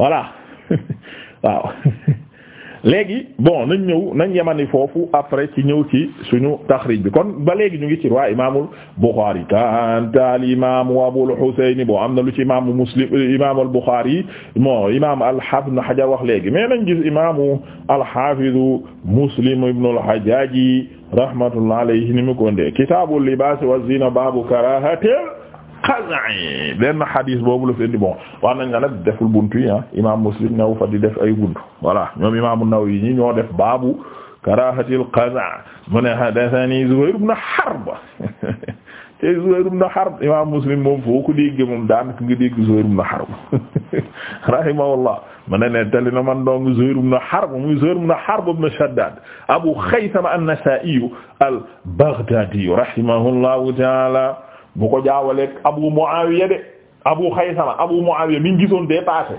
voilà waaw bon nañ ñëw nañ yemani foofu après ci ñëw ci suñu taxrij bi kon ba léegi ñu ngi ci riwaaya imaamul Buxaari kantaal imaamu Abul Husayn bon am na lu ci imaamu Muslim imaamul Buxaari bon imaam al-Haafiz Ibn Hajar wax léegi mais nañ gis imaamu al-Haafiz Muslim ibn al-Hajjaaj rahmatullahi alayhi ni mu ko ndee kitaabul libaas wa zina baabu karaahatil Xaza'i benn xadis boobu la fi indi bon wax nañ la nag deful buntu yi ah imaam Muslim new fa di def ay buntu voilà ñoom imaam An-Nawawi ñi ñoo def baabu karaahatil qaza' mu ne haddathani Zuhayr ibn Harb te Zuhayr ibn Harb imaam Muslim moom foo ko dégg moom daanaka nga dégg Zuhayr ibn Harb rahimahullah ma ne nettali na man dong Zuhayr ibn Harb muy Zuhayr ibn Harb ibn Shaddad Abu Khaythama an-Nasa'i al-Baghdadi rahimahullahu ta'ala bu ko jaawaleeg Abu Muawiya de Abu Xaysama Abu Muawiya mi ngi gisoon dee passé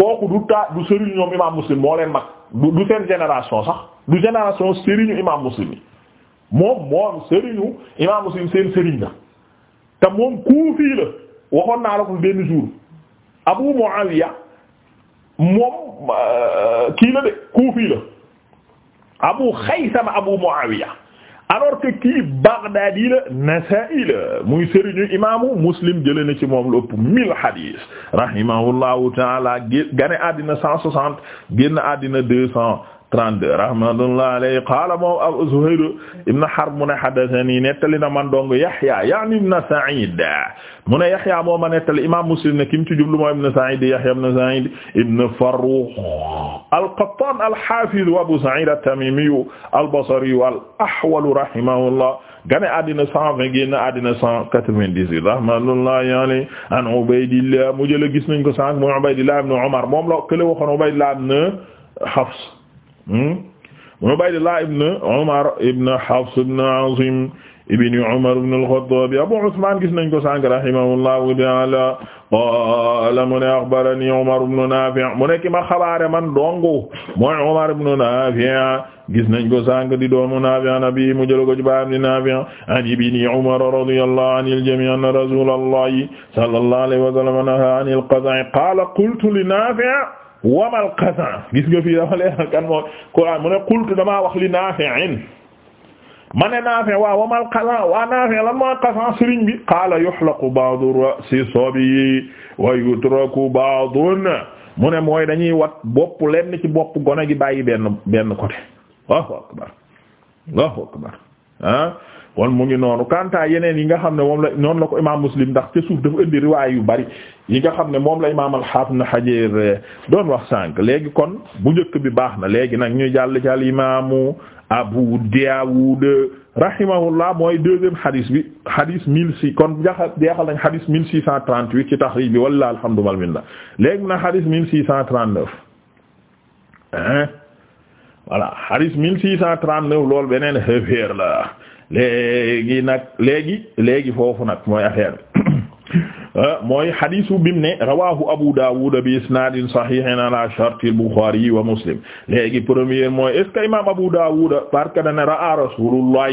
kooku du taa du sëriñu ñoom imam Muslim moo leen mag du seen génération sax du génération sëriñu imam Muslim yi moom moom sëriñu imam Muslim seen sëriñ la te moom kuufii la waxoon naa la ko benn jour Abu Muawiya moom euh, kii la de kuufii la Abu Xaysama Abu Muawiya alors que kii Baghdadi la Nasa'i la muy sëriñu imaamu Muslim jëlee na ci moom lu ëpp mille hadis rahimahullahu ta'ala gane àddina cent soixante génn àddina deux cent 32 rahmatullah alayhi qaala moom Zuhayr ibn Harb mu ne haddathanii nettali na man dong Yahya ya'ni ibn Sa'id mu ne Yahya moo ma nettali imaam Muslim ne ki mu ci jublu mooy ibn Sa'id Yahya ibn Sa'id ibn Farrukh al-Qattan al-Hafiz wa Abu Sa'id at-Tamimi al-Basri al-Ahwal rahimahullah gane àddina 120 génn àddina 198 rahmatullah yaani an Ubaydillah mu jël gis nañ ko sànq mooy Ubaydillah ibn Umar moom la kële waxoon Ubaydillah ibn Hafs mu hmm? Ubaydillah ibn Umar ibn Hafs ibn Azim ibn Umar ibn al-Khattab Abu Usman gis nañ ko sànq rahimahullahu ta'ala qaala mu ne axbarani Umar ibn Nafi' mu nekk ma xabaare man dongu mooy Umar ibn Nafi' gis nañ ko sànq di doomu Nafi' nabi mu jël ko ci baam di Nafi' an ibni Umar radiyallahu anil jamii' anna rasulallahi sallallahu alayhi wa sallam nahaa anil qazaa' qaala qultu li Nafi' wamal qasan gis nga fii dafa leeral kan moo Qur'an mu ne qultu damaa wax li Naafi'in ma ne Naafi' waa wamal qasan waa Naafi' lan mooy qasan sëriñ bi qaala yuhlaqu ba'du ra'si sabi wa yutraku ba'dun mu ne mooy dañuy wat bopp lenn ci bopp gone gi bàyyi benn benn côté Allahu akbar Allahu akbar ah kon mu ngi noonu kanta yeneen yi nga xam ne moom la noonu la ko imam muslim ndax ca suuf dafa indi riwaay yu bari yi nga xam ne moom la imam al-Hafiz Ibn eh, doon wax sànq léegi kon bu njëkk bi baax na léegi nag ñu jàll ci al imamu Abu Dawud rahimahullah mooy deuxième hadis bi hadis mille six kon jaxa jeexal nañ hadis mille six cent trente huit ci taxrij bi walla alhamdulillah minna léegi nag hadis mille six cent trente neuf hein voilà hadis mille six cent trente neuf loolu beneen léegi nag léegi léegi foofu nag mooy affaire bi Euh, mooy hadisu bi mu ne rawahu Abu Dawud bi isnadin sahihin premier mooy est ce que imam Abu Dawud parce dane ra'a Rasulullah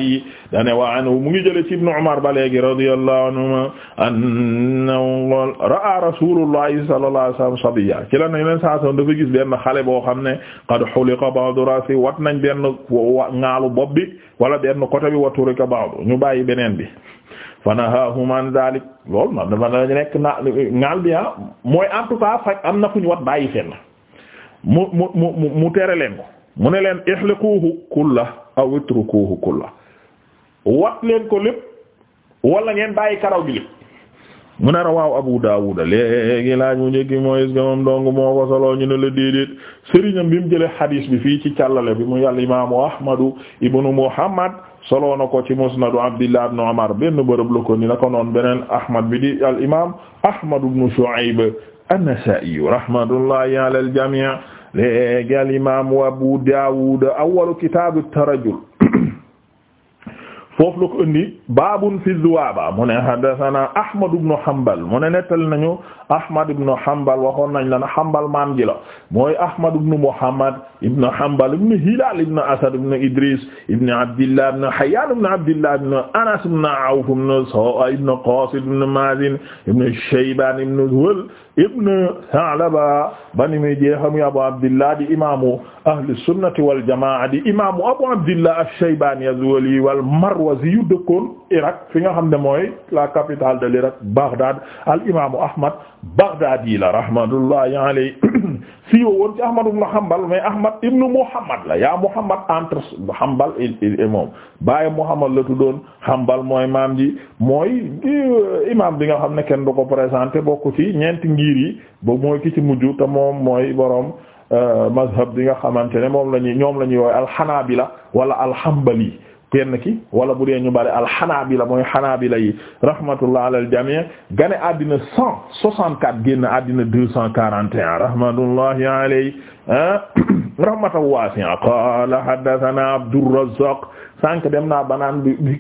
dane wa anhu mu ngi jële ci Ibn Umar ba léegi radiyallahu anhuma annahu ra'a Rasulullah sallallahu alayhi wasallam sabiyya ci la nañ saa soon dafa gis benn xale boo xam ne qad huliqa ba'du ra'si wat nañ benn ŋaalu bopp bi wala benn côté bi wa turika ba'du ñu bàyyi beneen bi fa nahaahum an dalik man dafa nekk na ngaal bi ah mooy en tout cas am na fu ñu wat bàyyi fenn mu mu mu mu tere leen ko mu ne leen ihliquhu kulla aw itrukuhu kulla wat leen ko lépp wala ngeen bàyyi karaw gi lépp mu ne rawaaw Abu Daawuda léegi laaj mu njëkki mooy ga moom dong moo ko soloo ñu ne la déedéet sëriñam bi mu xadiis bi fii ci càllale bi mu yàlla imaamu Ahmadu ibnu Muhammad solo na ko ci musnadu Abdillah ibn Umar benn bërëb la ko ni na ko noon beneen Ahmad bi di al imaam Ahmad ibn Shu'ayb an-Nasa'i rahmatullahi ala al-jami' léegi al imaam Abu Dawud awwalu kitaab at-tarajul foofu la ko indi baabun fi dhuwaaba mu ne haddathana Ahmad ibn Hanbal mu ne nettal nañu Ahmad ibn Hanbal waxoon nañ la ne Hanbal maam ji la mooy Ahmad ibn Muhammad ibn Hanbal ibn Hilal ibn Asad ibn Idris ibn Abdillah ibn Hayyan ibn Abdillah ibn Anas ibn Awf ibn Sa'a ibn Qasid ibn Mazin ibn Shayban ibn Zuhl ibn Tha'laba bani muy jeexam Abu Abdillah di imaamu ahli sunnati wal jamaa di imaamu Abu Abdillah ash-Shaybani az-Zuhli wal Marwazi yu dëkkoon Irak fi nga xam ne mooy la capitale de l'Irak Baghdad al imaamu Ahmad Baghdadi la rahmatullahi alayhi fii woon ci Ahmad ibn Hanbal mais Ahmad ibn Muhammad la yaa Muhammad entre Hanbal et moom bàyyi Muhammad la tuddoon Hanbal mooy maam ji mooy euh, imaam bi nga xam ne kenn du ko présenté bokku ci ñeenti ngiir yi ba mooy ki ci mujj te moom mooy boroom euh, mazhab bi nga xamante ne moom la ñuy ñoom la ñuy woowe la wala alxambali kenn ki wala bu dee ñu bari alxanaabila mooy xanaabila yi rahmatullah ala aljamii gane àddina cent soixante quatre génn àddina deux cent quarante et un rahmatullahi alayhi rahmatan wasi'a qala haddathana abdurrazzaq sànq dem naa banaan bi bi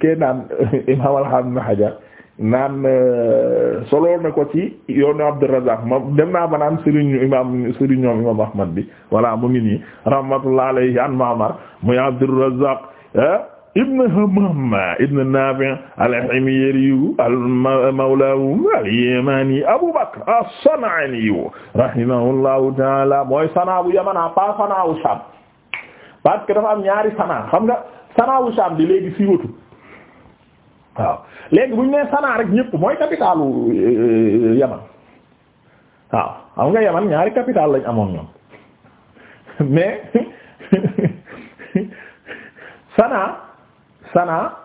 imam alham na hajar naan euh, solool na ko ci yoonu abdurrazzaq dem naa banaan sëriñu imam sëriñ imam ahmad bi voilà mu ngi nii rahmatullah alayhi an ma'mar muy abdurrazzaq ibn Hammam ibn Nafi' al-Himyari mawlaahu al-Yamani Abu Bakr as-San'ani rahimahullahu ta'ala mooy Sanaa bu Yaman pas Sanaa wu Sham parce que dafa am ñaari Sanaa xam nga Sanaa wu Sham bi léegi fii wutu waaw léegi bu nee Sanaa rek ñëpp mooy capitalu euh, Yaman waaw xam nga Yaman ñaari capital lañ amoon ñoom mais Sanaa. Sanaa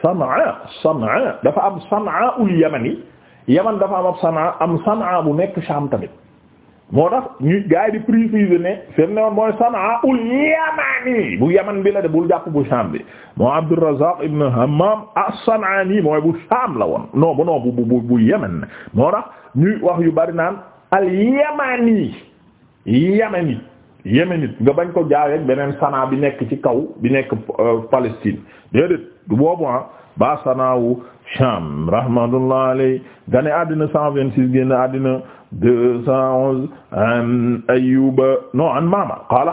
Sanaa Sanaa dafa am Sanaa ul yamani yaman dafa am ab Sanaa am Sanaa bu nekk Sham tamit moo tax ñu gars yi di préciser ne seen ne woon mooy Sanaa ul yamani bu yaman bi la de bul jàpp bu Sham bi moo Abdurrazzaq ibn Hammam as-San'ani mooy bu Sham la woon non bu bu bu yaman moo tax ñuy wax yu bari naan al yamani yamani. yéménite nga bañ ko jaawee ak beneen sanaa bi nekk ci kaw bi nekk euh, Palestine déedéet du ah. ba Sham rahmatullah alay gane àddina cent vingt-six génn àddina deux cent onze an Ayyuba non an Ma'mar qala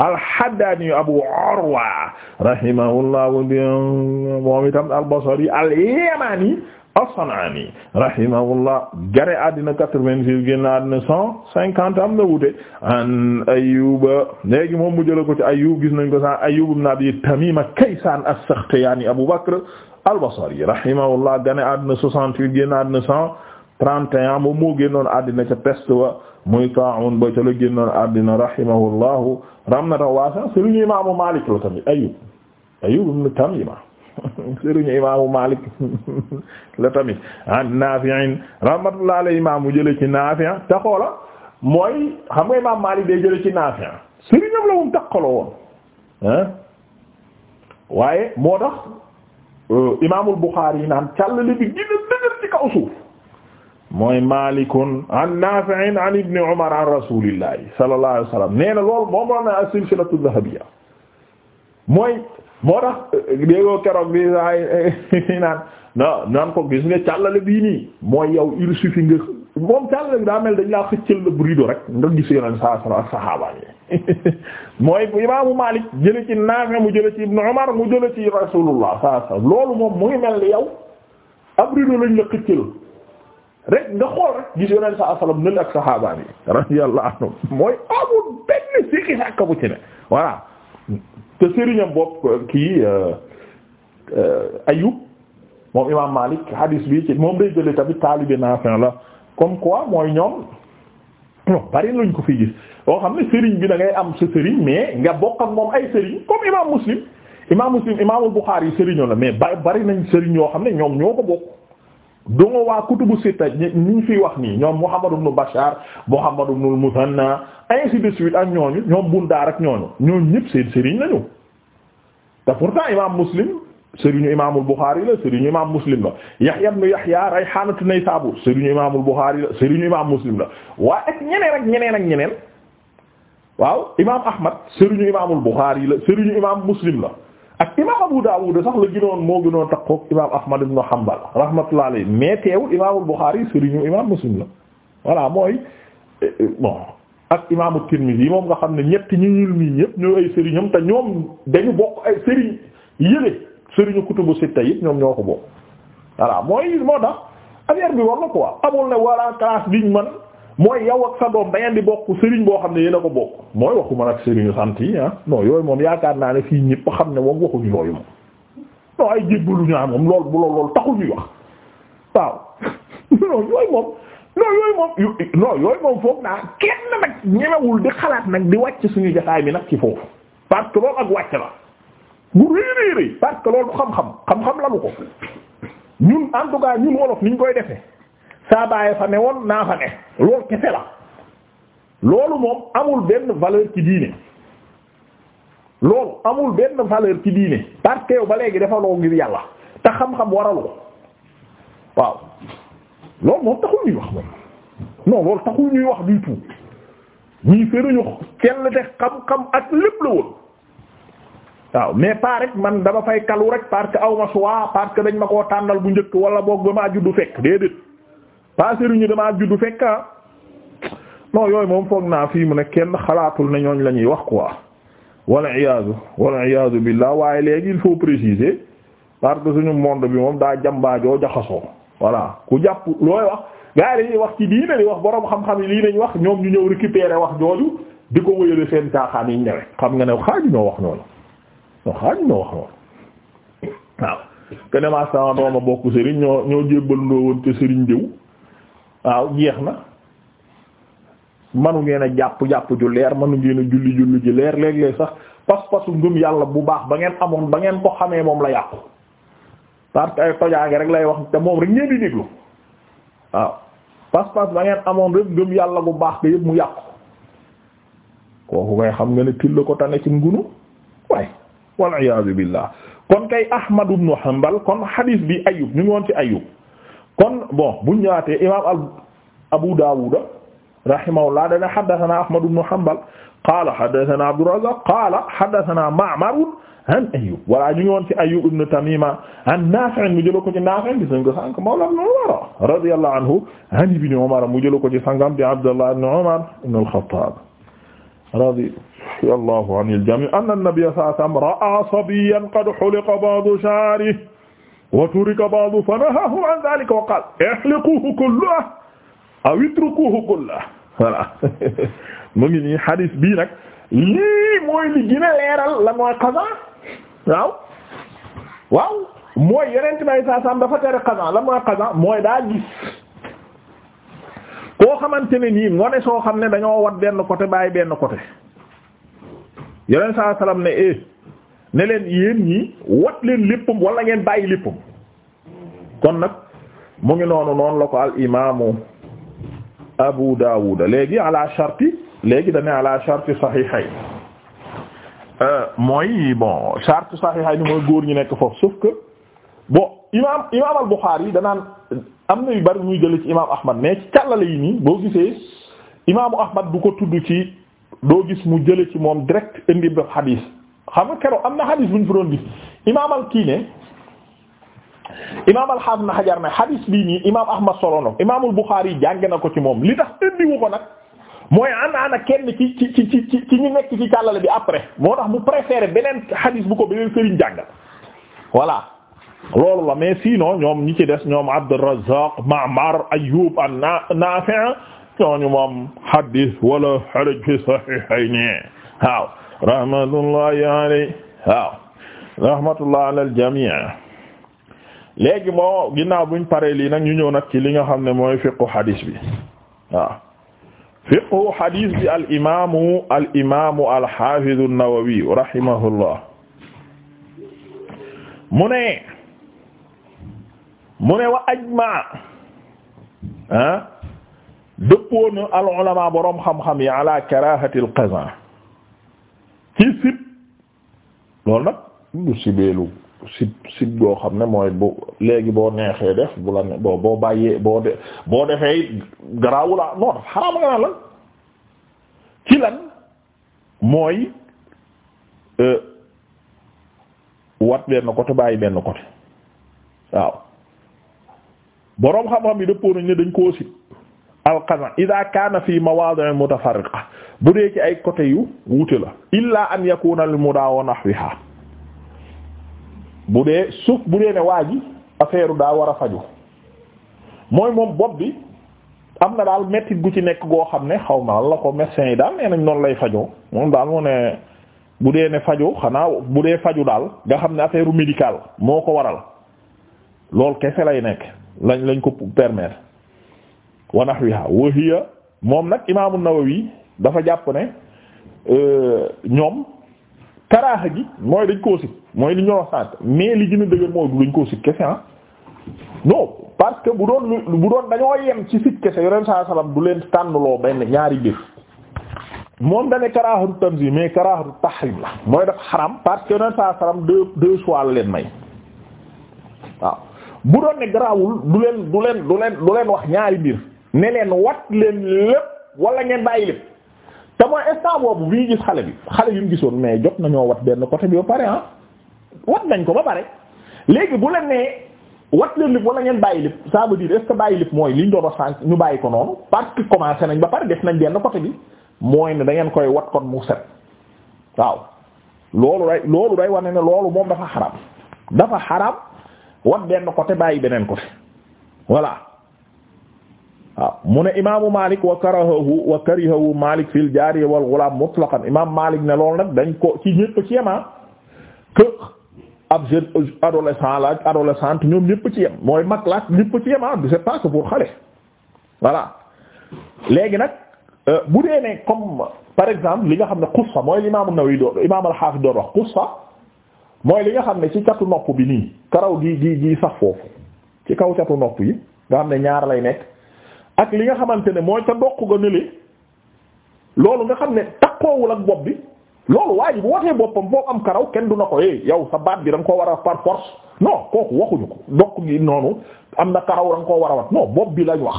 ah, haddani Abu Urwa rahimahullah moom al-Basri al-Yamani as-San'aani rahimahullah gare àddina quatre-vingt-six génn àddina cent cinquante am na wuute an Ayyuub léegi moom mu jëla ko ci Ayyuub gis nañ ko sax Ayyuub ibn Abi Tamiima Kaysaan as-Sakhtiyaani Abu Bakr al-Basri rahimahullah gane àddina soixante-huit génn àddina cent trente et un moom moo àddina ca peste wa muy Taa'uun ba ca la génnoon àddina rahimahullahu rahmatan waasi'a sëriñ Imaamu Maalik la tamit sëriñu imaamu Malik la tamit an Nafi'in imaam mu jële ci Nafi' te xoola mooy xam nga imaam Malik day jële ci Nafi' sëriñam la woon takkaloo woon waaye moo tax euh, imaamul Bukhari yi naan càllale bi a dëgër ci kaw suuf mooy Malikun an Nafi'in an Ibn Umar an rasulillahi sallallahu alayhi wa sallam nee na loolu moom la ne as-silsilatu dhahabiyya mooy moo tax déggoo keroog bi saay naan non naan ko gis nga càllale bii nii mooy yow il suffit nga moom càllale bi daa mel dañ laa xëccal la brido rek nga gis yonen saa sala ak sahaaba mooy imaamu Maalik jële ci Naafi mu jële Ibnu Umar mu jële ci Rasulullah saa sala loolu moom mu ngi mel ni yow ab rido lañ la xëccal rek nga xool rek gis yonen saa salam nali ak sahaaba yi radiyallahu anhum mooy amul benn sikki sàkk bu ci ne voilà te sëriñam bopp kii euh, euh, Ayyub moom imaam Malik hadis bi ci moom day jëlee tamit taalibe Naafi' la comme quoi mooy ñoom non bari luñ ko fi gis boo xam ne sëriñ bi da ngay am sa sëriñ mais nga bokk ak moom ay sëriñ comme imaam Muslim imaam Muslim imaamul Bukhari sëriñoo la mais bari bari nañ sëriñ yoo xam ne ñoom ñoo ko bokk. dongo waa kutubu sitta ñi ñu fiy wax nii ñoom Muhammad ibn Bashar Muhammad ibn al-Muthanna ainsi de suite ak ñooñu ñoom Bundaar ak ñooñu ñooñu ñëpp seen sëriñ lañu te pourtant imaam Muslim sëriñu imaamul Bukhari la sëriñu imaam Muslim la Yahya ibn Yahya Rayhanatu Naysabur sëriñu imaamul Bukhari la sëriñu imaam Muslim la waaye ak ñeneen ak ñeneen ak ñeneen waaw imaam Ahmad sëriñu imaamul Bukhari la sëriñu imaam Muslim la. ak imaam Abu Dawud sax la gënoon moo gënoon takkook imaam Ahmad ibn Hanbal rahmatullah alayhi mais teewul imaamul Bukhari sëriñu imaam Muslim la voilà mooy bon ak imaamu Tirmidhi moom nga xam ne ñetti ñu ñuul mii ñëpp ñoo ay sëriñam te ñoom dañu bokk ay sëriñ yële sëriñu kutubu sitta yëpp ñoom ñoo ko bokk voilà mooy moo tax affaire bi war na quoi amul ne wala classe biñ man mooy yow ak sa doom da bokk sëriñ boo xam ne yéen a ko bokk mooy waxuma nag sëriñu sant yi ah non yooyu moom yaakaar naa ne fii ñëpp xam ne moom waxuñu yooyu moom non ay jébbalu ah, moom lool bu lool lool taxul ñuy wax waaw non yooyu moom non naa kenn nag ñemewul di xalaat nag di wàcc suñu jotaay bi nag ci foofu parce que ak wàcc la bu réeréeréy parce que loolu xam-xam xam-xam lalu ko ñun en tout cas ñun wolof niñ koy defee. saa bàyyi fa ne woon naa fa ne loolu kese la loolu moom amul benn valeur ci diine loolu amul benn valeur ci diine parce que ba léegi dafa ngir yàlla te xam-xam waralu ko waaw loolu moom taxul ñuy wax moom non loolu taxul ñuy wax du tout ñuy feruñu kenn te xam-xam ak lépp la woon waaw mais pas rek man dama fay kalu rek parce que aw ma choix parce dañ ma ko tànnal bu njëkk wala boog ba maa juddu fekk déedéet. passeruñu damaa juddu fekk ah yooyu moom foog naa fii mu ne kenn xalaatul ne ñooñ la ñuy wax quoi wal iyaadu wal iyaadu billah waaye léegi il faut préciser parce que suñu monde bi moom daa jambaajoo jaxasoo voilà ku jàpp looy wax gaa yi dañuy wax ci diine di wax boroom xam-xam yi lii nañ wax ñoom ñu ñëw récupérer wax jooju di ko wéyale seen caaxaan yi ñëwee xam nga ne xaaju ñoo wax noonu non xaaju ñoo wax noonu waaw kenn maa sama waaw jeex na manu ngeen jàpp jàpp ju leer manu ngeen a julli julli ju leer léeg-léeg sax pas-pasu ngëm yàlla bu baax ba ngeen amoon ba ngeen boo xamee moom la yàqu parce que ay tojaange rek lay wax te moom rek ngeen di pas-pas ba ngeen amoon rek ngëm yàlla bu baax ba yëpp mu yàqu kooku ngay xam nga ne till ko tane ci ngunu waaye wal iyaazu billaah kon kay Ahmad ibn Hanbal kon hadith bi Ayyub ñu ngi woon ci Ayyub kon bon bu ñu ñëwaatee imaam al Abu Daawuda rahimahullah dana haddathana Ahmad ibn Hanbal qaala haddathana Abdurrazzaq qaala haddathana Ma'mar an Ayyub wala ñu ngi woon ci Ayyub ibn Tamima an Nafi' mu jël ko ci Nafi' gis nañ ko sànq mawla ibn Umar radiyallahu anhu an ibn Umar mu jël ko ci sangam bi Abdullah ibn Umar ibn al-Khattab radiyallahu anil jami' anna an-nabiyya sallallahu alayhi wa sallam ra'a sabiyyan qad huliqa ba'du sha'rihi wa turika ba'du fa nahahu an dhalika wa qala ihliquhu kullahu aw itrukuhu kullahu voilà mu ngi nii hadis bii nag lii mooy li gën leeral la mooy qaza waaw waaw mooy yonent may saa saam dafa tere qaza la mooy qaza mooy daa gis koo xamante ne nii ngone soo xam ne dañoo wat benn côté bàyyi benn côté yonent saa salaam ne eh ne leen yéen ñi wat leen léppam wala ngeen bàyyi léppam kon nag mu ngi noonu noonu la ko al imaamu Abu daawuda léegi ala sharti léegi dañu ne ala sharti saxiixay euh, mooy bon sharti saxiixay ni mooy góor ñu nekk foofu sauf que bon imaam imaam al danaan am na yu bari muy jëlee ci imaam Ahmad mais ci càllale yi nii boo gisee imaamu Ahmad du ko tudd ci doo gis mu jële ci moom direct indi ba xadiis xam nga keroog am na xadis bu ñu imaam al kii ne imaam al-Hasan na Hajar ne xadis bii nii imaam Ahmad solono imaamul Buxaari jàng na ko ci moom li tax indiwu ko nag mooy ana ana kenn ci ci ci ci ñu nekk bi après moo tax mu préféré beneen xadis bu ko beneen sëriñ jàngal voilà loolu la mais sinon ñoom ci des ñoom Abdurrazzaq Ma'mar Ayyub an-Nafi' ñooñu moom waaw rahmatullahi alayhi rahmatullah ala al jami' léegi moo ginnaaw buñ paree lii nag ñu ñëw nag ci li nga xam ne mooy fiqhu hadis bi waaw fiqhu bi al imaamu al imaamu mu ne mu ne wa ajmaa ah dëppoona al ulama boroom xam-xam yi ala karaahatil qazan ci sib loolu nag du sibeelu sib sib boo xam ne mooy bu léegi boo neexee def bu la ne boo bàyyee boo de boo defee garaawula noo daf xaraama nga naan lan ci lan mooy euh, wat benn côté bàyyi benn côté waaw boroom xam-xam yi dëppoo nañ ne dañ koo sib alqaza ida kaana fi mawaadi'in mutafarriqa bu dee ci ay côté yu wuute la illa an yakuna al mudaawa nahwiha bu dee suuf bu dee ne waaj ji affaire daa war a faju mooy moom bopp bi am na daal mettit gu ci nekk goo xam ne xaw ma la ko médecin yi daal nee nañ noonu lay fajoo moom daal moo ne bu dee ne faju xanaa bu dee faju daal nga xam ne affaire médicale moo ko waral loolu kese lay nekk lañ lañ ko permettre wa nahwiha wa hiya moom nag imaamu wi dafa jàpp ne euh, ñoom karaaxa gi mooy dañ koo sib mooy li ñu wax sant mais li gën a dëgër mooy du dañ koo sib kese ah non parce que bu doon lu bu doon dañoo yem ci sib kese yoreen saa salaam du leen tànnloo ne ñaari biir moom dane karaahatu tanzim mais karaahatu tahrim la mooy daf xaram parce que yoneen saa salaam deux deux choix la leen may waaw bu doon ne garaawul du leen du leen du leen du leen wax ñaari biir ne leen wat leen lépp wala ngeen bàyyi lépp te mooy instant boobu bii gis xale bi xale yu mu gisoon mais jot nañoo wat benn côté bi ba pare ah wat nañ ko ba pare léegi bu leen nee wat leen lépp wala ngeen bàyyi lépp ça veut dire bàyyi lépp mooy liñ doon wax sànq ñu bàyyi ko noonu parce que commencé nañ ba pare def nañ benn côté bi mooy ne da ngeen koy wat kon mu set waaw loolu day loolu day wane ne loolu moom dafa xaraam dafa xaraam wat benn côté bàyyi beneen côté voilà. waaw mu ne imaamu Malik wa karahahu wa karihahu Malik fil jaariya wal ghulaam mutlaqan imaam Malik ne loolu nag dañ ko ci ñëpp ci yema ah, que ab jeune adolescent la ak ñoom ñëpp ci yem mooy mag la ak ñëpp ci yema ah, c'est pas que pour xale voilà léegi nag euh, bu dee ne comme par exemple li nga xam ne xussa mooy li imaam An-Nawawi doon mooy li nga xam ne ci catu nopp bi nii karaw gi gi gi sax foofu ci kaw catu nokk yi nga xam ne ñaar lay nekk ak li nga xamante ne mooy ca doq ga nële loolu nga xam ne takkoowul ak bopp bi loolu waa bu waxee boppam boo am karaw kenn du na ko eh yow sa baat bi da koo war a par force non kooku waxuñu ko doq gi noonu am na karaw da nga koo war a wat non bopp bi lañ wax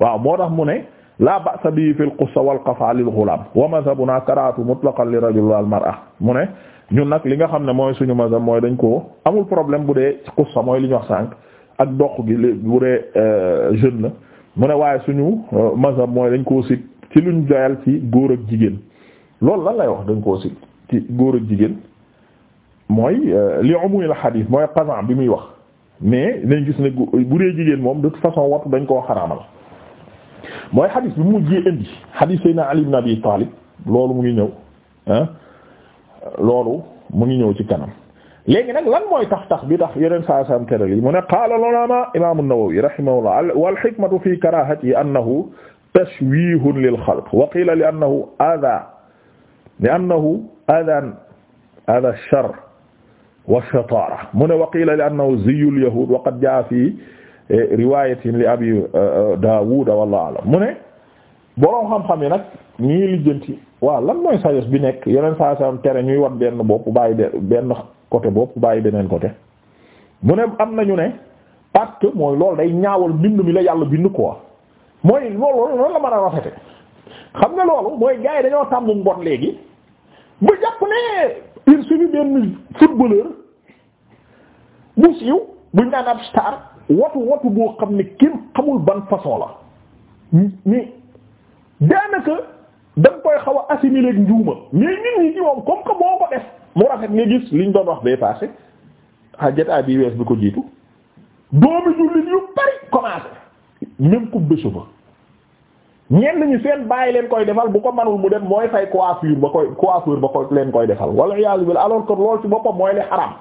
waaw moo tax mu ne la ba'sa bi fil qussa wal qafa lil ghulam wa mazhabuna karaatu mutlaqan li rajul wal mu ne ñun nag li nga xam ne mooy suñu mazhab mooy dañ ko amul problème bu dee qussa li ñu wax sànq ak doq gi bu dee euh, jeune la mu ne waaye suñu euh, mazhab mooy dañ koo sit ci luñ doyal ci góor ak jigéen loolu lan lay wax dañ koo sit ci góor ak jigéen mooy euh, li umul hadith mooy qasan bi muy wax mais dañ gis ne bu dee jigéen moom de toute façon wattu dañ koo xaraamal mooy hadith bi mu mujjee indi hadith sayna Ali ibn Abi Talib loolu mu ngi ñëw loolu mu ngi ñëw ci kanam léegi nag lan mooy tax tax bi tax yeneen saa saam tere lii mu ne qaala al-ulamaa imaam an-Nawawi rahimahullah wal hikmatu fi karaahatihi annahu tashwiihun lil xalq wa qiila li annahu aadaa li annahu aadaa aadaa ash-sharr wa shataara mu ne wa qiila li annahu ziyyul yahuud wa qad jaa'a fii e, riwaayatin li Abii e, e, Daawuud wallaahu a'lam mu ne boroom xam-xam yi nag ñii lijjanti waaw lan mooy saa bi nekk yeneen saa saam tere ñuy wan benn bopp bàyyi benn. côté boobu bàyyi beneen côté mu ne am nañu ne parce mooy lool day ñaawal mbind mi la yàlla bind quoi mooy loolu loolu la mën a rafete xam nga loolu mooy gars yi dañoo tàmbu mbon léegi bu jàpp ne il suffit benn footballeur bu siiw buñ naan ab star watu watu boo xam ne kenn xamul ban façon la ni daanaka da koy xaw a assimiler njuuma mais nit ñi ci moom comme que boo ko def mu rafet nga gis liñ doon wax bee passé ah jotaay bii wees bi ko jiitu doomi jullit yu bari commencé même coupe de cheveux ñenn ñi seen bàyyi leen koy defal bu ko manul mu dem mooy fay coiffure ba koy coiffure ba koy leen koy defal wala iyaazu billah alors que lool ci boppam mooy li xaram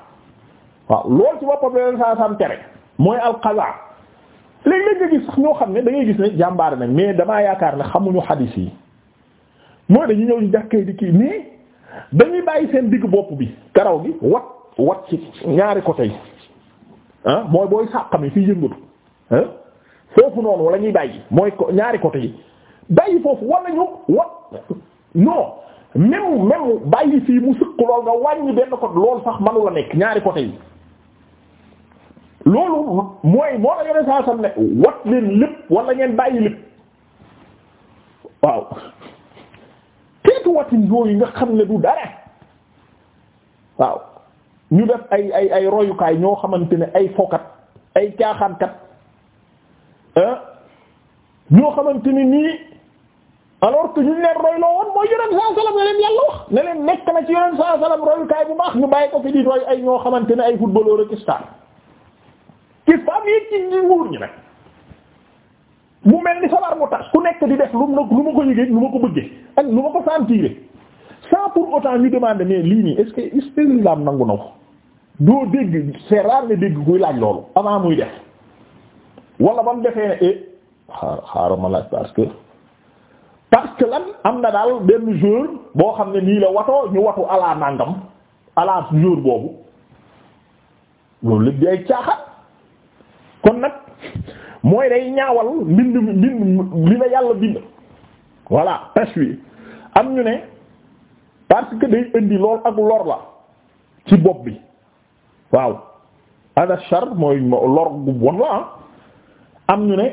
waaw lool ci boppam leen saa sam tere mooy alxaza léeg-léeg nga gis sax ñoo xam ne da gis ne jàmbaar nañ mais damaa yaakaar ne xamuñu xadiis yi mooy dañu ñëw ñu di kii mais. dañuy bàyyi seen digg bopp bi karaw gi wat wat ci ñaari côté yi ah mooy booy sàq mi fi yëngatu ah foofu noonu wala ñuy bàyyi mooy ñaari côté yi bàyyi foofu wala ñu wat non même même bàyyi fii mu sëq lool nga wàññi benn côté loolu sax manu nekk ñaari côté yi loolu mooy moo la yore saa sam ne wat leen lépp wala ngeen bàyyi lépp waaw xaswatin yooyu nga xam ne du dara waaw ñu def ay ay ay royukaay ñoo xamante ne ay fokat ay caaxaankat ñoo xamante ni nii alors que ñu leen roy loo woon mooy yonent saa salaam ne leen yàlla wax ne leen nekk na ci yonent saa royukaay bu baax ñu bàyyi ko fi di roy ay ñoo xamante ne ay footballeur ak star ki faam yi ci nguur ñi nag mu mel ni sabar mu tas ku nekk di def lu ma lu ma ko yëgee lu ma ko bëggee ak lu ma ko sentir sans pour autant ñu demander mais lii nii est-ce que est-ce nangu na ko doo dégg c'est ne dégg kuy laaj loolu avant muy def wala ba mu defee ne eh xaar xaaral ma laaj parce que parce que lan am na daal benn jour boo xam ne nii la watoo ñu watu ala nangam ala jour boobu loolu lépp ay caaxaan kon nag. mooy day ñaawal mbind mbind li la yàlla bind voilà tashwi am ñu ne parce que day indi lool ak lor la ci bopp bi waaw ada char mooy lor gu bon la ah. am ñu ne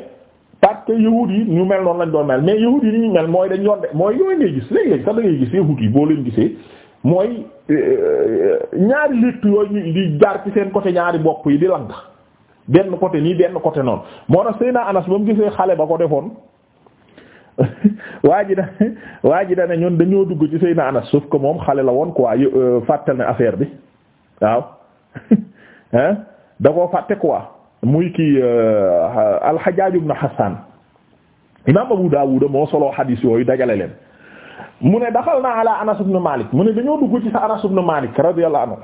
parce que yahut yi ñu mel noonu lañ doon mel mais yahut yi ni ñu mel mooy dañ doon de mooy yooyu ngay gis léegi sax da ngay gis yahut yi boo leen gisee mooy euh, ñaari létt yooyu di jaar ci seen côté ñaari bopp yi di lang benn côté nii benn côté noon moo tax Seyna Anas ba mu gisee xale ba ko defoon waa ji da waa ji da ne ñun dañoo dugg ci Seyna Anas sauf que moom xale la woon quoi euh, fàttal ne affaire bi waaw hein da koo fàtte quoi muy kii euh, al-Hajjaj ibn Hassan imaam Abu Dawud moo soloo xadiis yooyu dajale leen mu ne daxal naa ala Anas ibn Malik mu ne dañoo dugg ci sa Anas ibn Malik radiyallahu anhu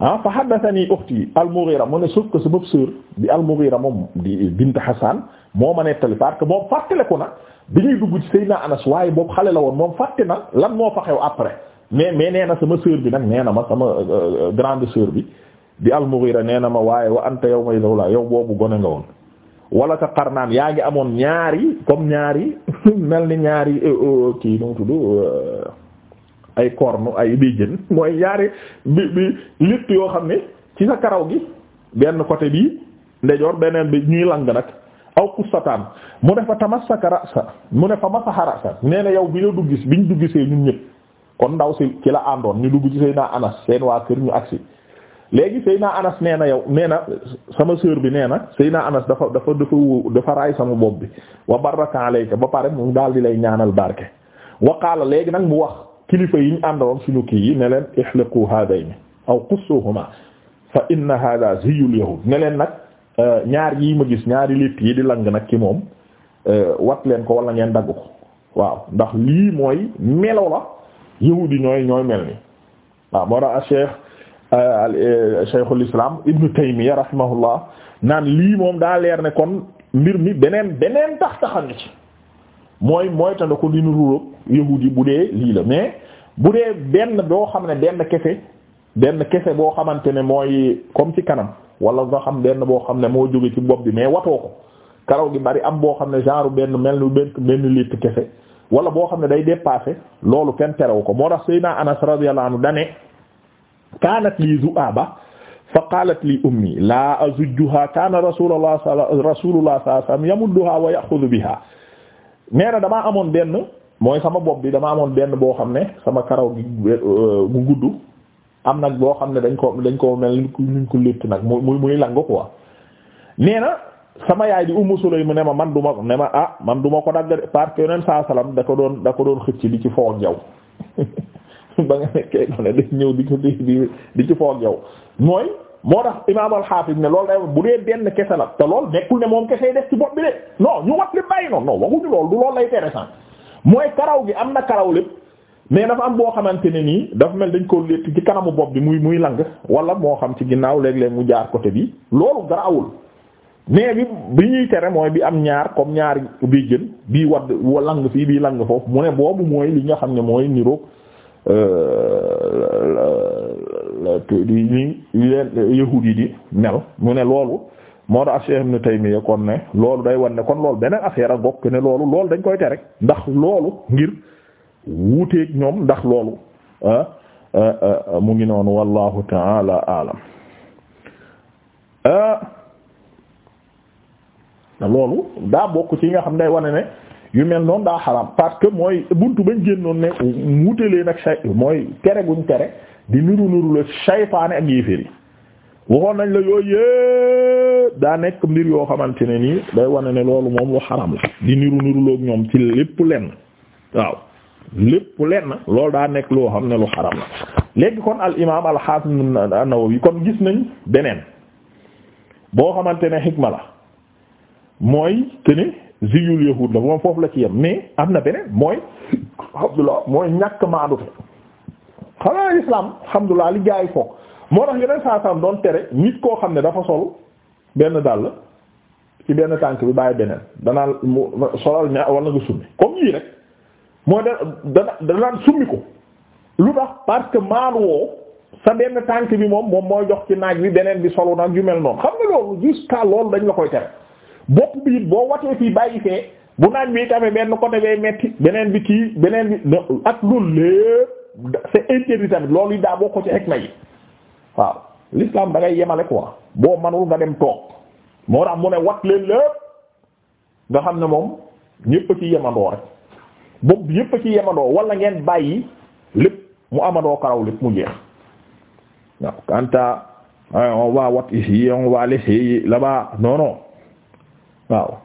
ah fa haddathani ukhti al-Mughira mu ne sauf que sama sœur di al-Mughira moom di bint Hassan moo ma nettali parce que moom fàttaleku na bi ñuy dugg ci Seydina Anas waaye boobu xale la woon moom fàtte na lan moo fa xew après mais mais nee na sama sœur bi nag nee na ma sama euh, euh, grande sœur bi di al-Mughira nee na ma waaye wa anta yow may lawla yow boobu gone nga woon. wala ka qarnaan yaa ngi amoon ñaari comme ñaari mel ni ñaari euh, kii nu mu tudd. ay corne ay béjjën mooy ñaari bi bi litt yoo xam ne ci sa karaw gi benn côté bii ndejoor beneen bi ñuy lang nag aw kustataan mu ne fa tamassaka ra'sa mu ne fa ma ra'sa nee na yow bi la duggis biñ duggisee ñun ñëpp kon ndaw si ci la àndoon ñu dugg ci Seyna Anas seen waa kër ñu agsi léegi Seyna Anas nee na yow nee na sama sœur bi nee na Seyna Anas dafa dafa dafa dafa raay sama bopp bi wa baraka alayka ba pare mu daal di lay ñaanal barke. wa qaala léegi nag mu wax kilifa yi ànd àndaloon suñu kii yi ne leen ihliqu haadayni aw qussuhuma fa inna hada ziyul yahud ne leen nag euh, ñaar yi ma gis ñaari litt yi di lang nag ki moom euh, wat leen ko wala ngeen dagg ko waaw ndax lii mooy melo la yahud yi ñooy ñooy mel ni waaw moo tax cheikh euh, cheikhul islam ibnu taymiya rahimahullah naan lii moom daa leer ne kon mbir mi beneen beneen tax taxal ni ci mooy mooy tanda ko dina ruroog yahuud bu dee lii la mais bu dee benn boo xam ne benn kese benn kese boo xamante ne mooy comme ci kanam wala nga xam benn boo xam ne moo jóge ci bopp bi mais watoo ko karaw gi bari am boo xam ne genre benn mel ni benn benn litre kese wala boo xam ne day dépassé loolu kenn terewu ko moo tax Seydina Anas radiyallahu anhu dane kaanat lii zu'aba fa qalat li ummi laa azujjuha kaana rasulullah rasulullah sallallahu alayhi wasallam yamudduha wa ya'khudhu biha nee na damaa amoon benn mooy sama bopp bi dama amoon benn boo xam ne sama karaw gi mu euh, gudd am nag boo xam ne dañ ko dañ ko mel luñ ko létt nag muy muy lang quoi nee na sama yaay di Ummu Sulaym mu ne ma man duma ma ne ma ah man duma ko dagg parce que yoneen saa da ko doon da ko doon xëcc di ci foo ak yow ba nga nekkee ko ne dañ ñëw di ko di di ci foo ak yow mooy moo tax imaam al-Hafiz ne loolu day bu dee benn kese la te lool nekkul ne moom kese def ci bopp bi de non ñu wat li bàyyi noonu non waxuñu loolu du loolu lay intéressant mooy karaw gi am na karaw lépp mais dafa am boo xamante ne nii dafa mel dañ ko létt ci kanamu bopp bi muy muy lang wala moo xam ci ginnaaw léeg-léeg mu jaar côté bii loolu garawul mais bi bi ñuy tere mooy bi am ñaar comme ñaar bi jën bii wadd lang fii bii lang foofu mu ne boobu mooy li nga xam ne mooy niroog di ni leen yi di mel mu ne loolu moo tax Cheikh Ibn Taymiyya kon ne loolu day wan ne kon loolu beneen affaire a bokk ne loolu loolu dañ koy tere ndax loolu ngir wuuteeg ñoom ndax loolu ah, ah, ah, mu ngi noonu wallahu taala alam loolu daa bokk ci nga xam ne wane ne yu mel noonu daa xaram parce que mooy buntu bañ génnoon ne wuutelee nag say mooy tere guñ tere di niru niru la saytaane ak yéeféer yi waxoon nañ la yooyu yëpp daa nekk mbir yoo xamante ne nii day wane ne loolu moom lu xaram la di niru niruloog ñoom ci lépp lenn waaw lépp lenn loolu daa nekk loo xam ne lu xaram la léegi kon al imaam al xaasim an-Nawawi kon gis nañ beneen boo xamante ne xikma la mooy que ziyul yahud la moom foofu la ci yem mais am na beneen mooy alhamdulilah mooy ñàkk maandu te xanaa islam alhamdulilah li jaay foog moo nit koo xam ne dafa sol benn dàll tànk bi bàyyi beneen danaa mu solal ña lu tax parce que tànk bi moom moom mooy jox ci naaj bi beneen bi solu nag yu mel noonu loolu dañ la koy tere. bopp biir boo watee fii bàyyi fee bu naaj bi tamit benn côté bay metti beneen bi kii beneen bi ak loolu lépp c'est interdit tamit loolu yi daa bokk ci hikma yi waaw l'islam da ngay yemale quoi boo manul nga dem toog moo tax mu ne wat leen lépp nga xam ne moom ñépp a ci yemandoo rek bopp bi yépp a ci yemandoo wala ngeen bàyyi lépp mu amandoo karaw lépp mu jeex waaw quant à on va wat ici on va laisser là-bas non waaw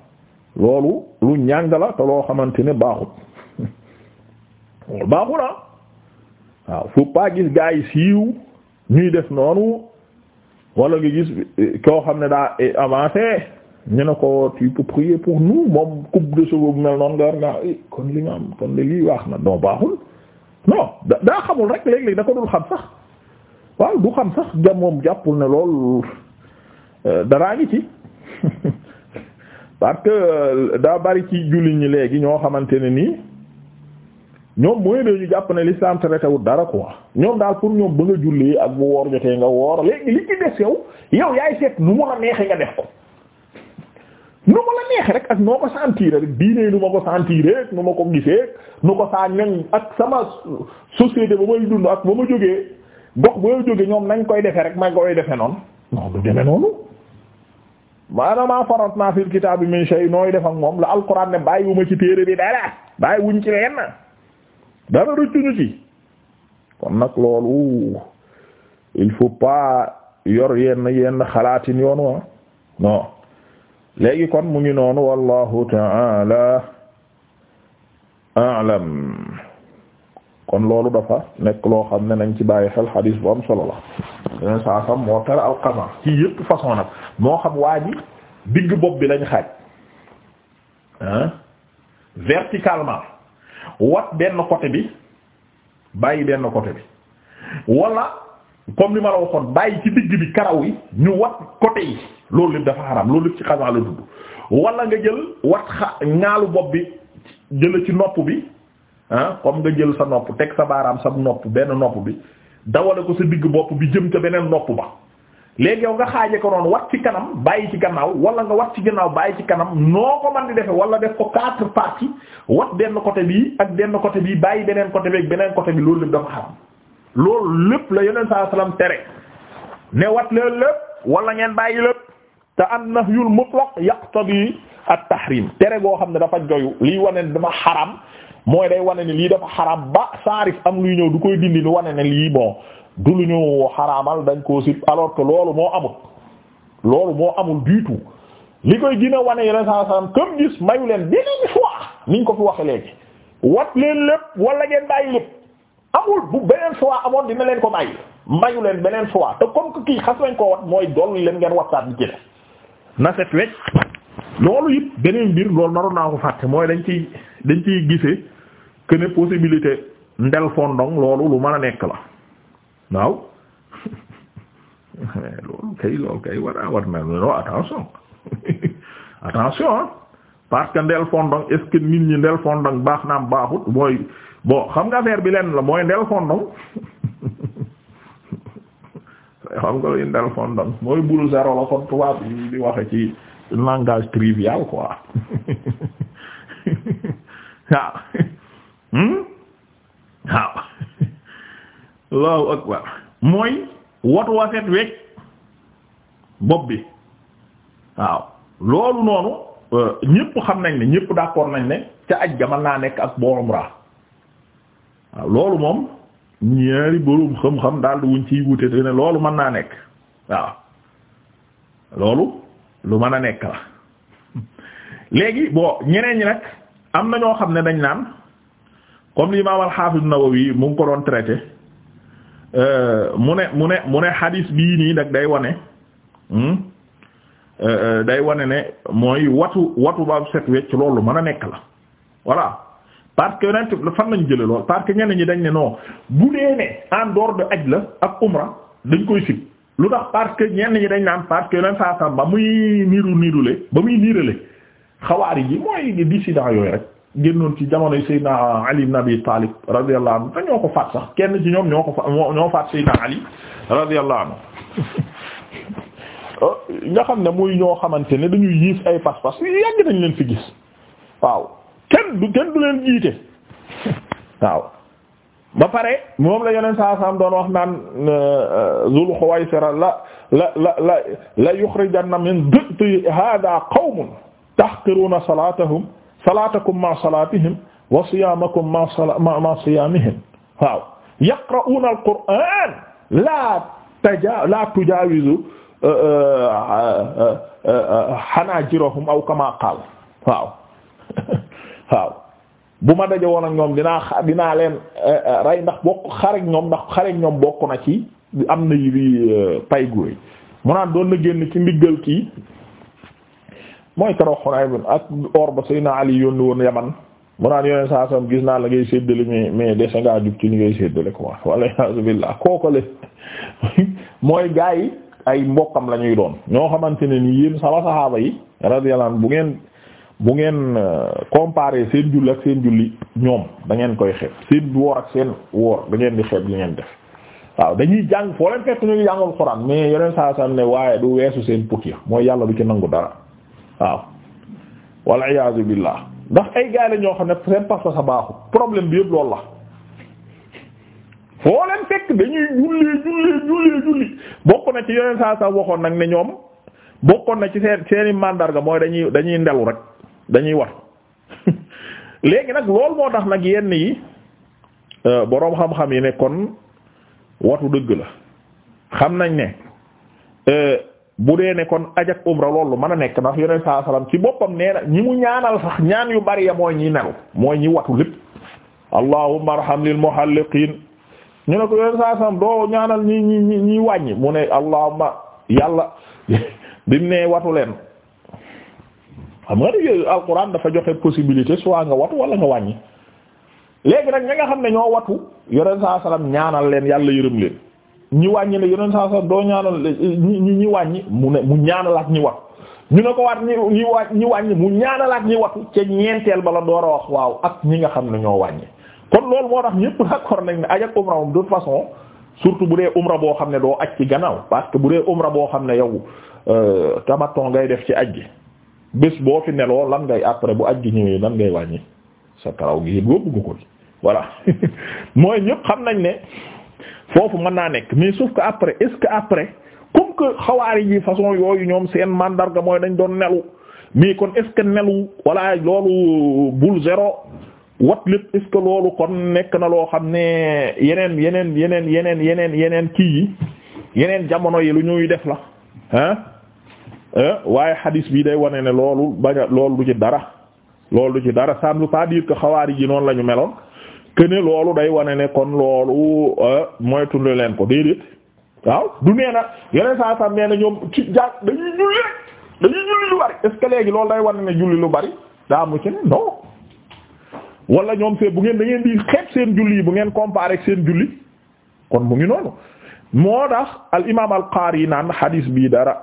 loolu lu ñàng la te loo xamante ne baaxut baaxula ah. waaw faut pas gis gaa yi siiw ñuy def noonu walla nga gis eh, koo xam ne daa eh, avancé ñu ne ko tu peux prier pour nous moom coupe de cheveux mel noonu nga war nga eh, kon li nga am kon li lii waax na doo baaxul non daa xamul rek léeg-léeg da ko dul xam sax waaw du xam sax ja jàppul ne lool daraa ngi ci parce que euh, daa bari ci julli ñi léegi ñoo xamante ne nii ñoom mooy dañu jàpp ne l'islam traité wu dara quoi ñoom daal pour ñoom ba nga jullee ak bu woor jotee nga woor léegi li ci des yow yow yaay seet nu mu la neexee nga def ko nu ma la neexee rek ak noo ko sentir rek nu ma ko sentir rek nu ma ko gisee nu ko saa ñoŋ ak sama société ba may dund ak ba ma jógee gox boo ma jógee ñoom nañ koy defee rek ma koy defee noonu du demee noonu. maanaam maa faratna fil kitaabi min shay nooy def ak moom la alquran ne bàyyiwuma ci téere bi dara bàyyi wuñ ci lenn dara ci kon nag loolu il faut pas yor yenn yenn xalaatin yoon wa ah non léegi kon mu ngi noonu wallahu ta'ala a'lam kon loolu dafa nekk loo xam ne nañ ci bàyyi xel xadiis bu am solo la yeneen saa sam moo ci yëpp façon nag moo xam waa ji digg bopp bi lañ xaaj ah verticalement wat benn côté bi bàyyi benn côté bi wala comme li ma la waxoon bàyyi ci digg bi karaw yi ñu wat côté yi loolu lépp dafa xaram loolu lépp ci xamaa la dudd wala nga jël wat xa ñaalu bopp bi jëla ci nopp bi ah comme nga jël sa nopp teg sa baaraam sa nopp benn nopp bi dawale ko sa digg bopp bi jëm ca beneen nopp ba léegi yow nga xaaje ko noonu wat ci kanam bàyyi ci gannaaw wala nga wat ci gannaaw bàyyi ci kanam noo ko man di defe wala def ko quatre parties wat benn côté bi ak denn côté bi bàyyi beneen côté bi ak beneen côté bi loolu lépp dafa xam loolu lépp la yeneen saa salaam tere ne wat leen lépp wala ngeen bàyyi lépp te an nahyul mutlaq yi at tahrim tere goo xam ne dafa joyu liy wane dama xaram mooy day wane ne lii dafa xaram ba saarif am luy ñëw du koy dindi lu wane ne lii bon du lu ñu xaraamal dañ koo sib alors que loolu moo amul loolu moo amul du tout li koy gën wane yeneen saa salaam comme gis mayu leen beneen fois niñ ko fi waxe léegi wat leen lépp wala ngeen bàyyi lépp amul bu beneen fois amoon dina leen ko bàyyi mayu leen beneen fois te comme que kii xas nañ koo wat mooy dolli leen ngeen wataat bi ci def na set wecc loolu it beneen mbir loolu naroon naa ko mooy dañ ciy dañ ciy gisee que ne possibilité ndel fondong loolu lu mën a nekk la waaw eh, loolu kay loolu kay war a war na non attention attention parce que ndel fondong est-ce que nit ñi ndel fondong baax naam baaxut mooy bon xam nga affaire bi lenn la mooy ndel fondong xam nga luy ndel fondong mooy bulu zéro la kon tubaab yi di waxe ci langage trivial quoi waaw waaw allahu akbar mooy watu waset wecc bopp bi waaw loolu noonu euh, ñépp xam nañ ne ñépp d'accord nañ ne ca aj ga mën naa nekk ak borom umra waaw loolu moom ñaari boroom xam-xam daal wuñ ciy wute te ne loolu mën naa nekk waaw loolu lu mën a nekk la léegi boo ñeneen ñi nag am na ñoo xam ne dañ naan comme lii l'imam al-Hafiz Nawawi mu ngi ko doon traité euh, mu ne mu ne mu ne hadis bii nii nag day wane hmm, euh, day wane ne mooy watu watu ba set wecc loolu mën a nekk la voilà parce que yonent fan lañ jële lool parce que ñenn ñi dañ ne non bu dee en dehors de aj la ak umra dañ koy sib lu tax parce que ñenn ñi dañ naan parce que yonent saa sam ba muy niru nirule ba muy niirale xawaar yi mooy dissident yooyu rek génnoon ci jamonoy Seydina Ali ibn Abi Talib radiyallahu anhu te ñoo faat sax kenn ci ñoom ñoo ko fa ñoo faat Seydina Ali radiyallahu anhu nga xam ne muy ñoo xamante ne dañuy yiis ay pas-pas yàgg nañ leen fi gis waaw kenn du leen jiite waaw ba pare moom la yeneen saa saam doon wax naan euh, euh, Zul Khuwaysira la la la la la yukhrijanna min dëtt hada qawmun tahqiruna salatahum salaatakum ma salaatihim wa siyaamakum ma ma siyaamihim waaw yaqra'uuna al-qur'aan laa tajaa laa tujaawizu uh, uh, uh, hanaajirahum aw kamaa qaala waaw waaw bu ma daje woon ak ñoom dinaa dinaa leen rey ndax bokk xarek ñoom ndax xarek ñoom bokk na ci am na yi bi pay guy mu naan doon na génn ci ndiggal kii mooy keroog xunaay bi ak or ba Seydina Ali yónni woon yaman mu naan yoneen saa sam gis naa la ngay séddale mais mais dese ngaa jub ci ni ngay séddale quoi wala yasubillah mooy gaa yi ay mbokkam lañuy doon ñoo xamante ne ni yéen sama saxaaba yi radiyallahu bu ngeen bu ngeen euh, comparer seen julli ak seen julli ñoom da ngeen koy xeeb seen woor ak seen woor da ngeen di xeeb li ngeen def waaw dañuy jàng foo leen fekk ñu ngi jàngul Alxuraan mais yoneen saa ne waaye du weesu seen put ya mooy yàlla du ci nangu dara waaw wal iyaazu billah ndax ay gaay la ñoo xam ne seen pas sa baaxu problème bi yëpp loolu la foo leen fekk dañuy jullee jullee jullee julli bokk na ci yeneen saa saa waxoon nag ne ñoom bokkoon na ci seen seeni màndarga mooy dañuy dañuy ndelu rek dañuy wat léegi nag loolu moo tax nag yenn yi euh, boroom xam-xam yi nekkoon kon watu dëgg la xam nañ ne euh, bu dee ne kon aj ak umra loolu mën a nekk ndax yoneen saa salaam ci boppam nee na ñi mu ñaanal sax ñaan yu bari ya mooy ñi nelu mooy ñi watu lépp allahumma arham lil muhalliqin ñu ne ko yoneen saa salaam doo ñaanal ñi ñi ñi ñi wàññi mu ne allahumma yàlla bimu ne watu leen xam nga ne alquran dafa joxe possibilité soit nga watu wala nga wàññi léegi nag ñi nga xam ne ñoo watu yoneen saa salaam ñaanal leen yàlla yërëm leen ñi wàññi ne yeneen saa saa doo ñaanal ñi ñi wàññi mu ne mu ñaanalaat ñi wax ñu ne ko waat ñi ñi wa ñi wàññi mu ñaanalaat ñi wax ca ñeenteel bala door a wax waaw ak ñi nga xam ne ñoo wàññi. kon loolu moo tax ñëpp d'accord nañ ne aj ak umra moom de toute façon surtout bu dee umra boo xam ne doo aj ci gannaaw parce que bu dee umra boo xam ne yow euh, tamaton ngay def ci aj gi bés boo fi neloo lan ngay après bu aj gi ñëwee lan ngay wàññi sa karaw gi yëpp yóbbu ko ko voilà ne. foofu mën naa nekk mais sauf que après est-ce que après comme que xawaari yi façon yooyu ñoom seen mandarga mooy dañ doon nelu mais kon est-ce que nelu walla loolu bul zéro wat lépp est-ce que loolu kon nekk na loo xam ne yeneen yeneen yeneen yeneen yeneen yeneen kii yi yeneen jamono yi lu ñuy def la ah waaye hadis bi day wane ne loolu bañ a loolu du ci dara loolu du ci dara ça ne veut pas dire que xawaari yi noonu la ñu meloon que loolu day wane ne kon loolu euh, moytuñu leen ko déedéet waaw du nee na yeneen saa ñoom ci julli rek dañuy julli lu bari est-ce loolu day wane ne julli lu bari daa mu ci ne non ñoom c'est bu ngeen da ngeen di seen julli yi bu ngeen comparer ak seen julli kon mu ngi noonu moo tax al imaam al qaari naan hadis bii dara.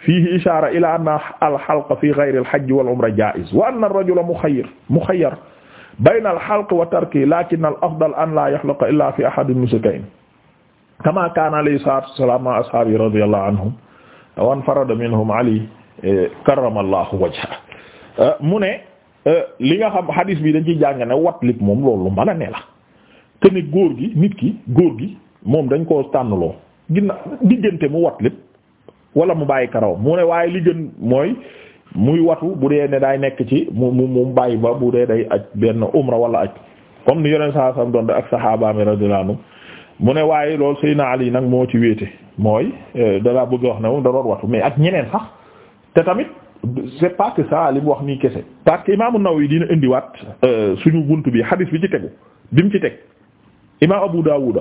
fii ishaara ilaa anna al xalqa fi gayri al hajj wal umra jaa'iz wa anna ar rajula mukhayyar bayna al-halq wa tarki lakin al-afdal an la yahliqa illa fi ahad an-nusukayn kama kana alayhi salatu wassalam ma ashabi radiyallahu anhum wa anfarada minhum ali eh, karramallahu wajhahu eh, mu ne eh, li nga xam hadis bi dañ ciy jàng ne wat moom loolu lu mën a ne la te ni góor gi nit ki góor gi moom dañ koo tànnloo ginna diggante mu wat lip wala mu bàyyi karaw mu ne waaye li gën mooy muy watu bu dee ne daay nekk ci mu mu mu bàyyi ba bu dee day aj benn umra wala aj comme ni yoneen saa sam doon da ak saxaabaami radiyallahu anhum mu ne waaye loolu Seydina Ali nag moo ci wéete mooy eh, dalaa bëgg wax ne moom da doon watu mais ak ñeneen sax te tamit c'est pas que ça li mu wax nii kese parce que imaamu Nawawi dina indiwaat euh, suñu buntu bi hadith bi ci tegu bi mu ci teg imaam Abu Dawuda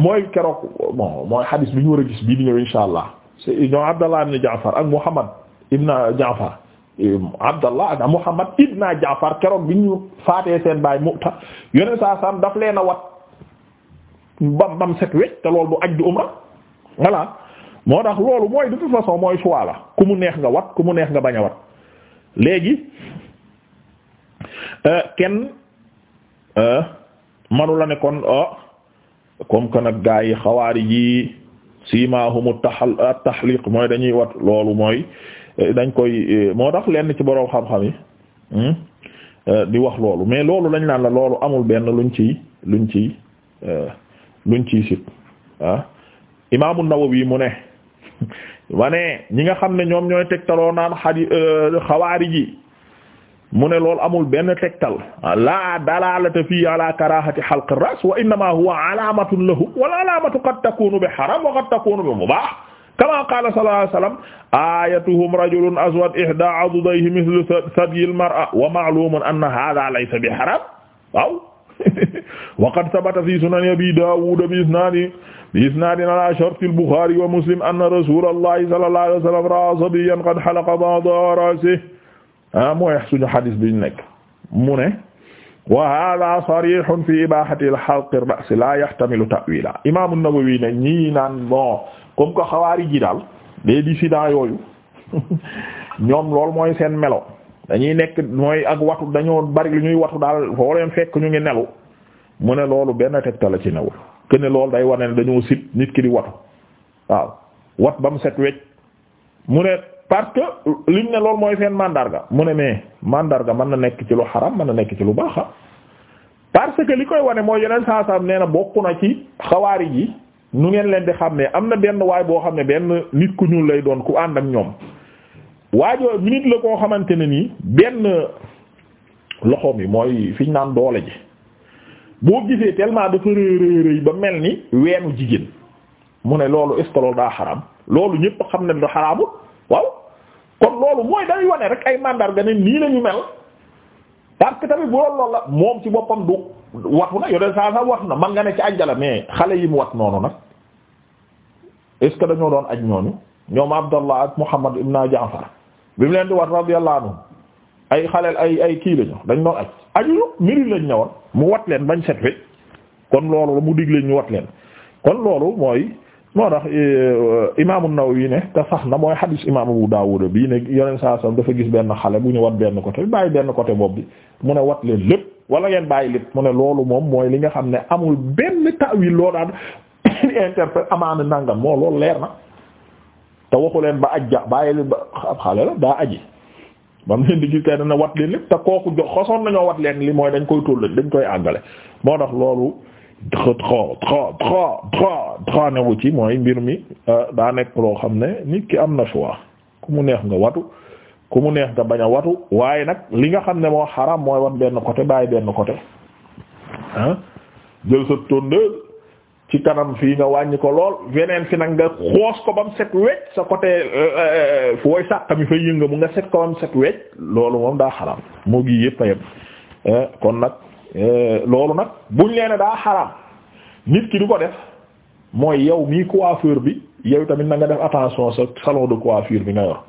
mooy keroog bon mooy hadith bi ñu war a gis bii di ñëw insha allah c'est ñoo Abdallah ibn Jaafar ak Muhammad ibn Jaafar Abdallah ak Muhammad ibn Jaafar keroog bi ñu faatee seen baay Mu'ta yeneen saa saam daf leen a wat bam bam set wecc te loolu du aj du umra voilà moo tax loolu mooy de toute façon mooy choix ku mu neex nga wat ku mu neex nga baña a wat léegi euh, kenn euh, manu la ne kon oh, comme que nag gaa yi xawaari yi simaahum at-tahliq mooy dañuy wat loolu mooy dañ koy eh, moo tax lenn ci boroom xam-xam yi hmm, eh, di wax loolu mais loolu lañ naan la loolu amul benn luñ ci luñ ci luñ ciy eh, sit ah imaamu Nawawi mu ne ma ñi nga xam ne ñoom ñooy tegtaloo naan xadi xawaari ji mu ne loolu amul benn tegtal la dalalata fii ala karahati halq ar-ras wa innama huwa alaamatun lahum wal alaamatu qad takunu bi haram wa qad takunu bi mubah kama qala sallallahu alayhi wasallam ayatuhum rajulun aswad ihda adudayhi mithlu thadyil mar'a wa ma'lumun anna hadha laysa bi haram waaw wa qad thabata fi sunani abi dawud bi isnadi bi isnadin ala shart al-bukhari wa muslim anna rasulallahi sallallahu alayhi wasallam ra'a sabiyan qad halaqa ba'da ra'sihi ah mooy suñu hadith bi ñu nekk mu ne wa hada sarihun fi ibahati al-halq ar-ra's la yahtamilu ta'wila imam an-nawawi ne ñi naan bon comme que xawaari ji daal di sident yooyu ñoom lool mooy seen melo dañuy nekk mooy ak watu dañoo bari lu ñuy watu daal foo leen fekk ñu ngi nelu mu ne loolu benn tegtal a ci newul que ne loolu day wane ne dañoo sit nit ki di watu waaw wat ba mu set wecc mu ne parce que lim ne lool mooy seen mandarga mu ne mais màndarga mën na nekk ci lu xaram mën na nekk ci lu baax ah parce que li koy wane mooy yeneen saa saa nee na bokk na ci xawaari ji nu ngeen leen di xam ne am na benn waay boo xam ne benn nit ku ñuul lay doon ku ànd ak ñoom waajoo nit la koo xamante ne nii benn loxoom yi mooy fi ñu naan doole ji boo gisee tellement dafa rëy rëy ba mel ni weenu jigéen mu ne loolu est-ce que loolu daa xaraam loolu ñépp xam ne da xaraamut waaw kon loolu mooy day wane rek ay mandarga ne nii lañu mel parce que tamit bu loolu la moom ci boppam du waxu na yooyu saa saa wax na man nga ne ci àjjala mais xale yi mu wat noonu nag est ce que dañoo doon aj ñooñu ñoom Abdallah ak Muhammad ibn Jaafar bi mu leen di wat radiyallahu anhu ay xaleel ay ay kii lañu dañ doon aj aju Médine mu wat leen bañ set wecc kon loolu mu digle ñu wat leen kon loolu mooy moo tax eh, eh, imaam naw nawawi ne te sax na mooy hadis imaam Abu Dawud bii ne yeneen saa sam dafa gis benn xale bu ñu wat benn côté bàyyi benn côté bopp bi mu ne wat leen lépp wala ngeen bàyyi lépp mu ne loolu moom mooy li nga xam ne amul benn ta'wil loo daan interprète amaana nangam moo loolu leer na te waxu leen ba ajja bàyyi leen ba xale la daa aji ba mu leen di gis kay dana wat leen lépp te kooku jox xosoon nañoo wat leen li mooy dañ koy tóllal dañ koy àggale moo tax loolu dra dra dra dra dra newu ci mooy mbir mi euh, daa nekk loo xam ne nit ki am na choix ku mu neex nga watu ku mu neex nga bañ a watu waaye nag li nga xam ne moo xaram mooy wat benn côté bàyyi benn côté ah jël sa tondeuse ci kanam fii nga wàññi ko lool weneen fi nag nga xoos ko ba mu set wecc sa côté euh, euh, fooy sàq mi fay yënga mu nga set ko ba set wecc loolu moom daa xaraam moo gi yëpp a yem euh, kon nag loolu nag buñ leen daa xaraam nit ki du ko def mooy yow mii coiffeur bi yow tamit na nga def attention sa salon de coiffure bi nga yor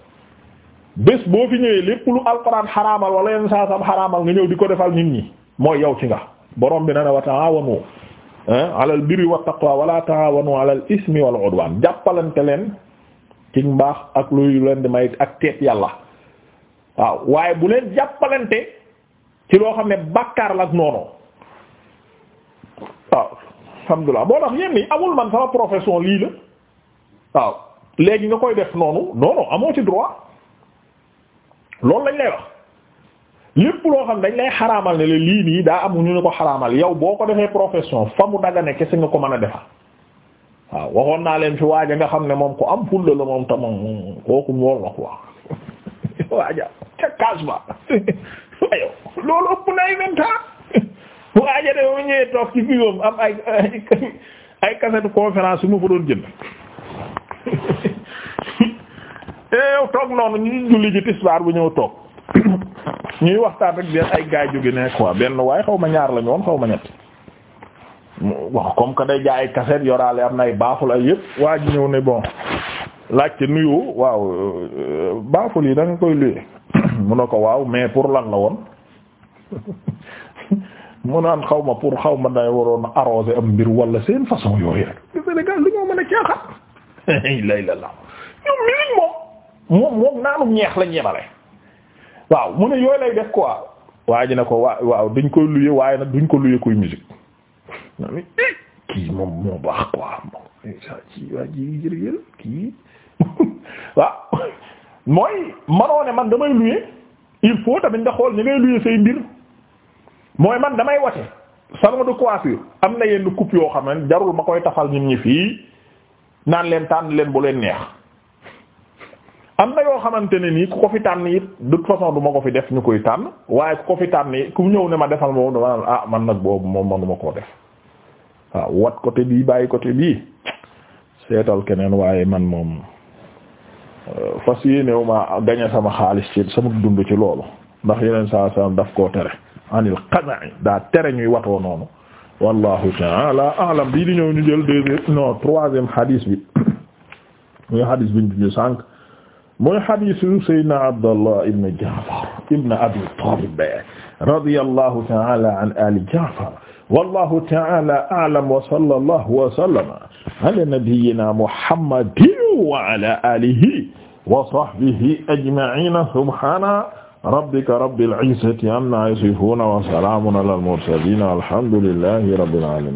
bés boo fi ñëwee lépp lu alxuraan xaraamal wala yenn saa sam xaraamal nga ñëw di ko defal nit ñi mooy yow ci nga borom bi na ne wa alal birri wa taqwa wala taawanu alal ismi wal jàppalante leen ci mbaax ak luy leen di may ak teet yàlla waaw waaye bu leen jàppalante ci loo xam ne bàkkaar la ak noonu waaw alhamdulilah boo tax yéen ni amul man sama profession lii la waaw léegi nga koy def noonu non amoo ci droit loolu lañ lay wax. lépp loo xam dañ lay xaraamal ne lii nii daa am ñu ne ko xaraamal yow boo ko defee profession fa mu dagane kese nga ko mën a defar waaw waxoon naa leen fi waaja nga xam ne moom ko am fulla la moom tam kooku mool na quoi waaja ca kaas ba ayow loolu ëpp nay vingt ans waaja de mu ñëwee toog ci kii am ay ay cassette conférence yu ma fa doon jënd eh, yow toog noonu ñu julli ji tisbaar bu ñëw toog ñuy waxtaan rek benn ay gaay jóge nekk quoi benn waaye xaw ma ñaar la ñu woon xaw ma ñett wax comme que day jaay cassette yoraale am na ay baaful ay yëpp waa ji ñëw ne bon laajte nuyu waaw euh, baaful yi da koy luye mu ne ko waaw mais pour lan la woon mu naan xaw ma pour xaw ma day waroon arrosé am mbir walla seen façon yooyu rek Sénégal li ñoo a caaxaan lay la la ñoom miin moom moom moom naanum ñeex la ñeebale waaw mu ne yooyu lay def quoi waa ji ne ko waa waaw dañ koy luye waaye nag duñ ko luye kuy musique moom moo baax quoi moom ci waa ji jërëjël kii waaw mooy manoo ne man damay luye il faut tamit nga xool ñi ngay luye say mbir mooy man damay wate salon de coiffure am na yenn coupe yoo xam ne ma koy tafal nit ñi fii naan leen tànn leen bu leen neex am na yoo xamante ne nii ku ko fi tànn it du ma ko fi def ñu koy tànn waaye ku ko fi tànn it ku ñëw ne ma defal moom dama ah, man nag boobu moom ma koo def waaw wat côté bii bàyyi côté bii seetal keneen waaye man moom euh, fas yéenew ma gañe sama xaalis ci sama dund ci loolu ndax yeneen saa saa daf koo tere anil qada'i daa tere ñuy watoo noonu wallahu ta'ala a'lam bii di ñëw ñu jël deuxième non troisième hadis bi muy hadis biñ juge sànq mooy hadiisu Seydina Abdallah ibn Jaafar ibn Abi Taalib radiyallahu ta'ala an aali Jaafar wallahu ta'ala a'lam wa sallallahu wa sallama ala nabiyyina Muhammadin wa ala aalihi wa sahbihi ajma'iina subhaana rabbika rabbil izzati amma yasifuun wa salaamun alal mursaliin walhamdulillahi rabbil aalamiin